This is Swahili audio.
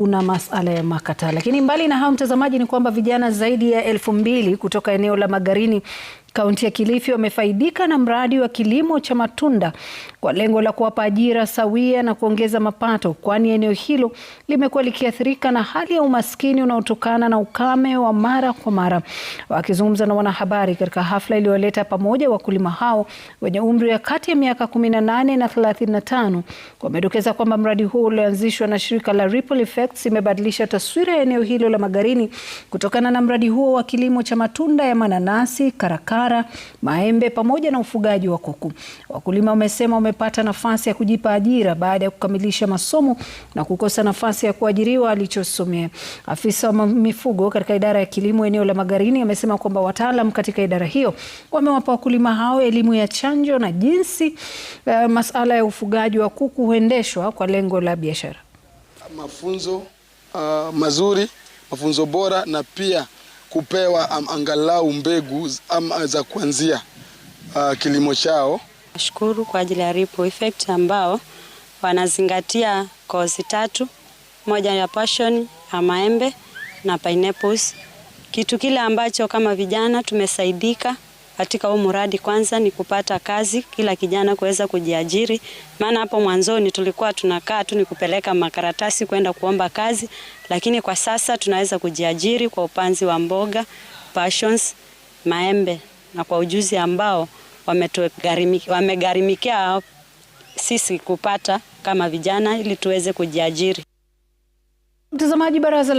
una masala ya makataa. Lakini mbali na hao, mtazamaji, ni kwamba vijana zaidi ya elfu mbili kutoka eneo la Magarini Kaunti ya Kilifi wamefaidika na mradi wa kilimo cha matunda kwa lengo la kuwapa ajira sawia na kuongeza mapato, kwani eneo hilo limekuwa likiathirika na hali ya umaskini unaotokana na ukame wa mara kwa mara. Wakizungumza na wanahabari katika hafla iliyoleta pamoja wakulima hao wenye umri ya kati ya miaka 18 na 35, wamedokeza kwamba mradi huo ulioanzishwa na shirika la Ripple Effects imebadilisha taswira ya eneo hilo la Magarini kutokana na mradi huo wa kilimo cha matunda ya mananasi, karaka biashara, maembe pamoja na ufugaji wa kuku. Wakulima wamesema wamepata nafasi ya kujipa ajira baada ya kukamilisha masomo na kukosa nafasi ya kuajiriwa alichosomea. Afisa wa mifugo katika idara ya kilimo eneo la Magarini amesema kwamba wataalam katika idara hiyo wamewapa wakulima hao elimu ya chanjo na jinsi eh, masala ya ufugaji wa kuku huendeshwa kwa lengo la biashara. Mafunzo uh, mazuri, mafunzo bora na pia kupewa am angalau mbegu ama za kuanzia uh, kilimo chao. Nashukuru kwa ajili ya ripple effect ambao wanazingatia kozi tatu, moja ya passion ya maembe na pineapples, kitu kile ambacho kama vijana tumesaidika katika huu mradi kwanza ni kupata kazi, kila kijana kuweza kujiajiri. Maana hapo mwanzoni tulikuwa tunakaa tu ni kupeleka makaratasi kwenda kuomba kazi, lakini kwa sasa tunaweza kujiajiri kwa upanzi wa mboga, passions, maembe na kwa ujuzi ambao wamegharimikia sisi kupata kama vijana ili tuweze kujiajiri. Mtazamaji, Baraza